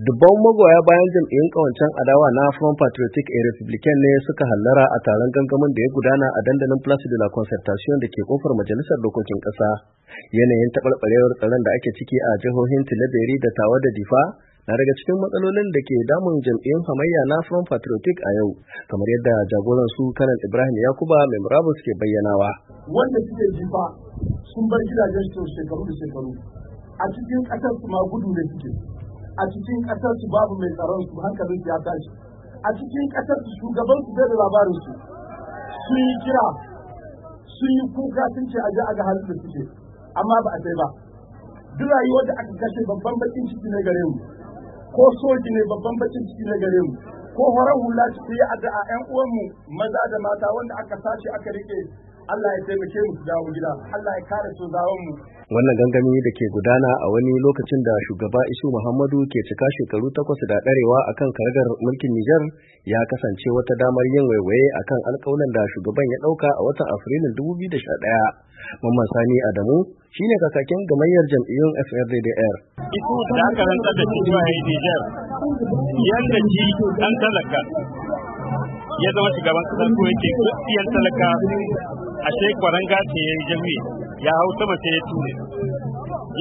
Dubban magoya bayan jam'iyyun kawancen adawa na Front Patriotic a Republican ne suka hallara a taron gangamin da ya gudana a dandalin Place de la Concertation da ke kofar Majalisar Dokokin Ƙasa. Yanayin taɓarɓarewar tsaron da ake ciki a jihohin Tilaberi da Tawa da Difa na daga cikin matsalolin da ke damun jam'iyyun hamayya na Front Patriotic a yau, kamar yadda jagoran su Kanan Ibrahim Yakuba mai murabus ke bayyanawa. Wanda suke jifa sun bar gidajen su shekaru da shekaru a cikin kasar su ma gudu da suke. a cikin ƙasar su babu mai tsaron su hankalin ya tashi a cikin ƙasar su shugaban su bai da labarin su sun yi kira sun yi kuka sun ce aje a ga halin da suke amma ba a sai ba duk rayuwar da aka kashe babban bakin ciki ne gare mu ko soji ne babban bakin ciki ne gare mu ko horar hula ciki ya a 'yan uwanmu maza da mata wanda aka sace aka rike Allah ya taimake mu su dawo gida Allah ya kare su zawon mu wannan gangami da ke gudana a wani lokacin da shugaba isu muhammadu ke cika shekaru takwas da ɗarewa a kan karagar mulkin nijar ya kasance wata damar yin waiwaye kan alƙawalan da shugaban ya ɗauka a watan afrilun 2011 Mamman Sani Adamu shi ne kakakin gamayyar jam'iyyun FRDDR. isu da aka rantsar da shi Nijar, yadda shi talaka ya zama shugaban kasar ko yake kusiyar talaka ashe shekwaran ce ya yi jami ya hau sama sai ya ture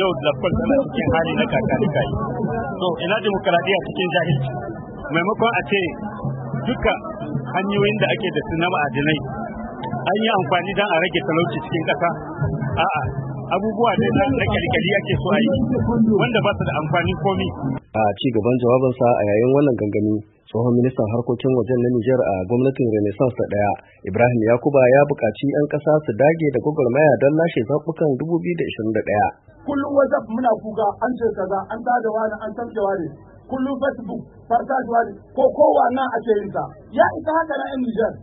yau da kwan tana cikin hali na kakarika yi to ina demokaradiyya cikin jahilci maimakon a ce duka hanyoyin da ake da suna ma'adinai an yi amfani don a rage talauci cikin ƙasa a'a abubuwa da na kyalkyali ake so a yi wanda ba su da amfani komi a ci gaban jawabansa a yayin wannan gangami tsohon ministan harkokin wajen na Nijar a gwamnatin Renaissance ta ɗaya, Ibrahim Yakuba ya buƙaci 'yan ƙasa su dage da gwagwarmaya don lashe zaɓukan 2021. Kullum WhatsApp muna kuka an ce kaza an tada wani an tamke wani kullum Facebook farkashi wani ko kowa na a ce yinsa. Ya isa haka na 'yan Nijar,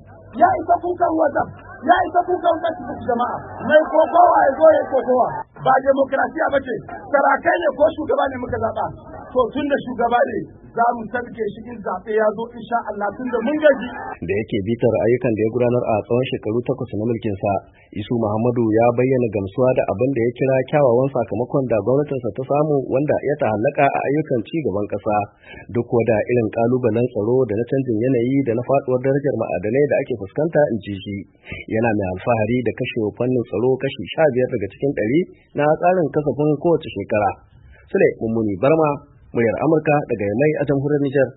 ya isa kukan WhatsApp, ya isa kukan Facebook jama'a, mai kokowa ya zo ya kokowa. Ba demokrasiya ba ce, sarakai ne ko shugaba ne muka zaɓa. To tun da shugaba ne za mu sarke shi in zaɓe ya zo insha Allah tun da mun gaji. Da yake bitar ayyukan da ya gudanar a tsawon shekaru takwas na mulkinsa, Isu Muhammadu ya bayyana gamsuwa da abin da ya kira kyawawan sakamakon da gwamnatinsa ta samu wanda ya ta halaka a ayyukan ci gaban ƙasa. Duk da irin ƙalubalen tsaro da na canjin yanayi da na faɗuwar darajar ma'adanai da ake fuskanta in ji shi. Yana mai alfahari da kashe fannin tsaro kashi sha biyar daga cikin ɗari na tsarin kasafin kowace shekara. Sule Mummuni Barma muryar Amurka daga yanayi a jamhuriyar Nijar.